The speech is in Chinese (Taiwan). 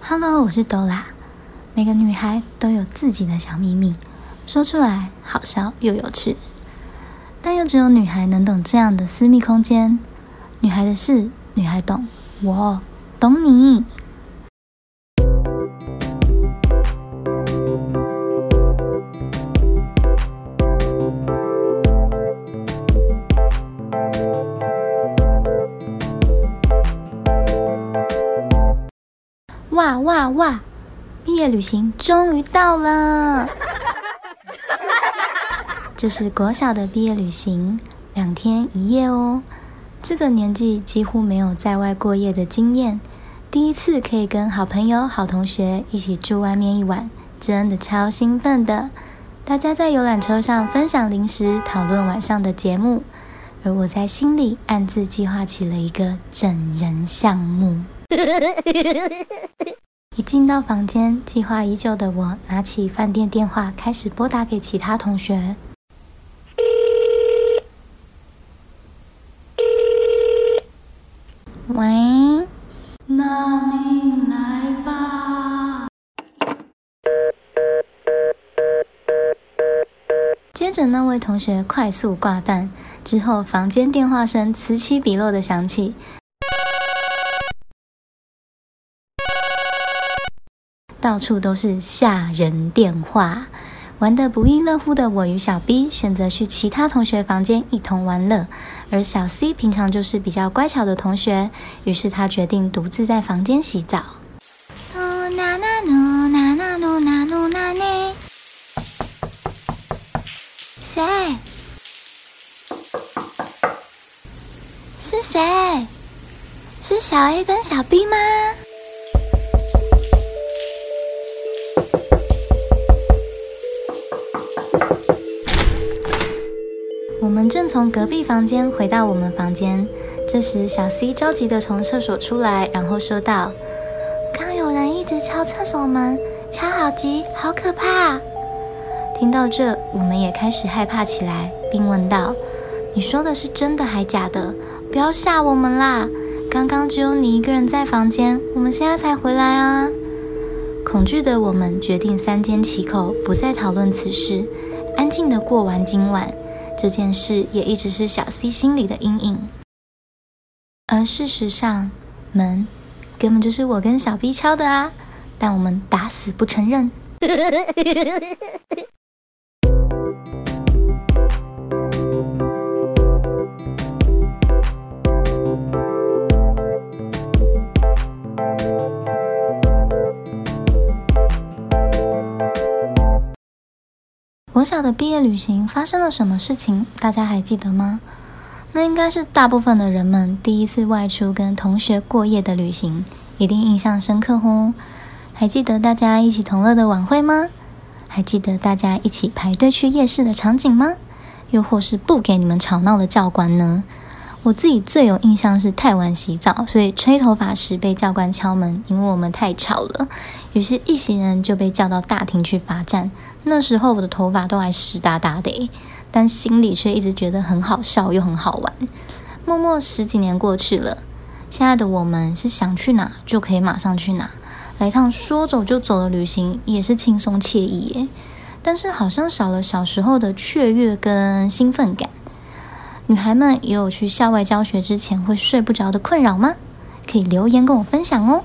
哈嘍，我是朵拉。每個女孩都有自己的小秘密，說出來好笑又有趣，但又只有女孩能懂這樣的私密空間。女孩的事，女孩懂，我懂你。哇哇哇！畢業旅行終於到了， 這是國小的畢業旅行，兩天一夜哦。這個年紀幾乎沒有在外過夜的經驗，第一次可以跟好朋友、好同學一起住外面一晚，真的超興奮的。大家在遊覽車上分享零食，討論晚上的節目，而我在心裡暗自計劃起了一個整人項目。 一進到房間，計劃已久的我拿起飯店電話，開始撥打給其他同學。喂？那來吧。接著那位同學快速掛斷，之後房間電話聲此起彼落的響起。到處都是嚇人電話，玩得不亦樂乎的我與小 B 選擇去其他同學房間一同玩樂，而小 C 平常就是比較乖巧的同學，於是她決定獨自在房間洗澡。誰？是誰？是小 A 跟小 B 嗎？我們正從隔壁房間回到我們房間，這時小 C 着急的從廁所出來，然後說道：“剛有人一直敲廁所門，敲好急，好可怕啊！”聽到這，我們也開始害怕起來，並問道：“你說的是真的還假的？不要嚇我們啦！剛剛只有你一個人在房間，我們現在才回來啊！”恐懼的我們決定三緘其口，不再討論此事，安靜的過完今晚。這件事也一直是小 C 心裡的陰影，而事實上，門根本就是我跟小 B 敲的啊，但我們打死不承認。 國小的畢業旅行發生了什麼事情？大家還記得嗎？那應該是大部分的人們第一次外出跟同學過夜的旅行，一定印象深刻哦。還記得大家一起同樂的晚會嗎？還記得大家一起排隊去夜市的場景嗎？又或是不給你們吵鬧的教官呢？我自己最有印象是太晚洗澡，所以吹頭髮時被教官敲門，因為我們太吵了。於是，一行人就被叫到大廳去罰站。那時候，我的頭髮都還濕噠噠的，但心裡卻一直覺得很好笑又很好玩。默默十幾年過去了，現在的我們是想去哪就可以馬上去哪，來一趟說走就走的旅行也是輕鬆愜意耶。但是好像少了小時候的雀躍跟興奮感。女孩們也有去校外教學之前會睡不着的困擾嗎？可以留言跟我分享哦。